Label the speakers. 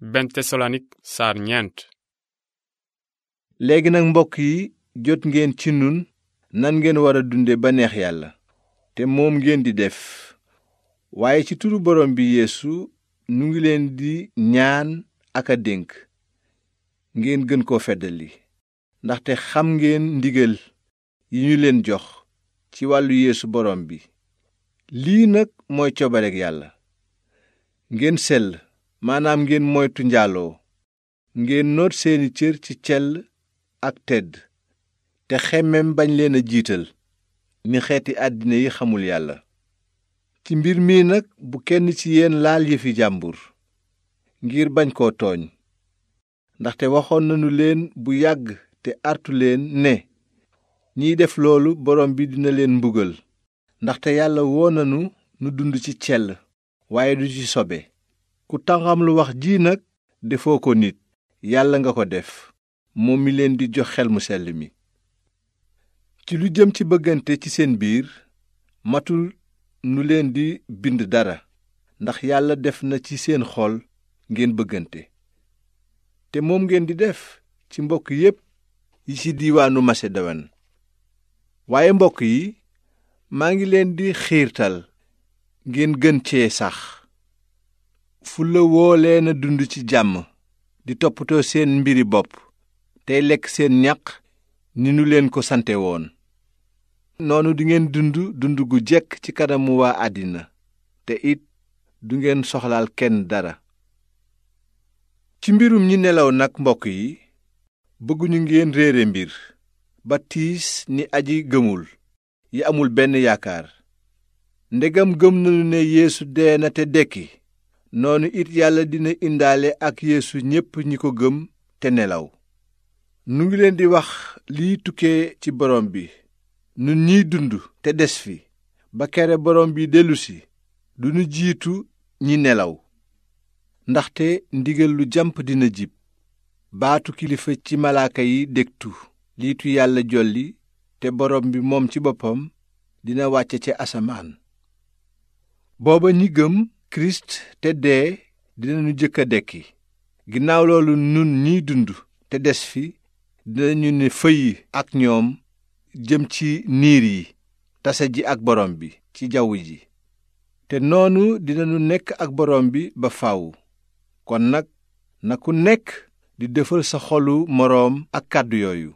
Speaker 1: benn tesalonik saar ñeent léegi nag mbokk yi jot ngeen ci nun nan ngeen war a dunde ba neex yàlla te moom ngeen di def waaye ci turu borom bi yéesu nu ngi leen di ñaan ak a dénk ngeen gën koo feddali ndaxte xam ngeen ndigal yi ñu leen jox ci wàllu yéesu borom bi lii nag mooy coobareg yàlla ngeen sell maanaam ngeen moytu njaaloo ngeen noot seeni cër ci cell ak tedd te xemmem bañ leen a jiital ni xeeti àddina yi xamul yàlla ci mbir mii nag bu kenn ci yéen laal yëfi jàmbur ngir bañ koo tooñ ndaxte waxoon nañu leen bu yàgg te artu leen ne ñiy def loolu borom bi dina leen mbugal ndaxte yàlla woo nañu nu dund ci cell waaye du ci sobe ku tanqam lu wax ji nag defoo ko nit yàlla nga ko def moom mi leen di jox xel mu sell mi ci lu jëm ci bëggante ci seen biir matul nu leen di bind dara ndax yàlla def na ci seen xol ngeen bëggante te moom ngeen di def ci mbokk yépp yi ci diiwaanu Masedowan waaye mbokk yi maa ngi leen di xiirtal ngeen gën cee sax fulla woo leen dund ci jàmm di toppatoo seen mbiri bopp tey lekk seen ñaq ni nu leen ko sante woon noonu dingeen dund dund gu jekk ci kanamu waa àddina te it du ngeen soxlaal kenn dara ci mbirum ñi nelaw nag mbokk yi bëgguñu ngeen réere mbir ba tiis ni aji gëmul yi amul benn yaakaar ndegam gëm nañu ne yéesu dee na te dekki noonu it yàlla dina indaale ak yeesu ñépp ñi ko gëm te nelaw nu ngi leen di wax liy tukkee ci borom bi nu ñiy dund te des fi ba kere borom bi dellusi du nu jiitu ñi nelaw ndaxte ndigal lu jàmp dina jib baatu kilifa ci malaaka yi dégtu liitu yàlla jolli te borom bi moom ci boppam dina wàcce ci asamaan booba ñi gëm kirist te dee dinañu jëkk a dekki ginnaaw loolu nun ñiy dund te des fi dinañu ni fëy ak ñoom jëm ci niir yi tase ji ak borom bi ci jaww ji te noonu dinañu nekk ak borom bi ba faw kon nag na ku nekk di defal sa xolu moroom ak kàddu yooyu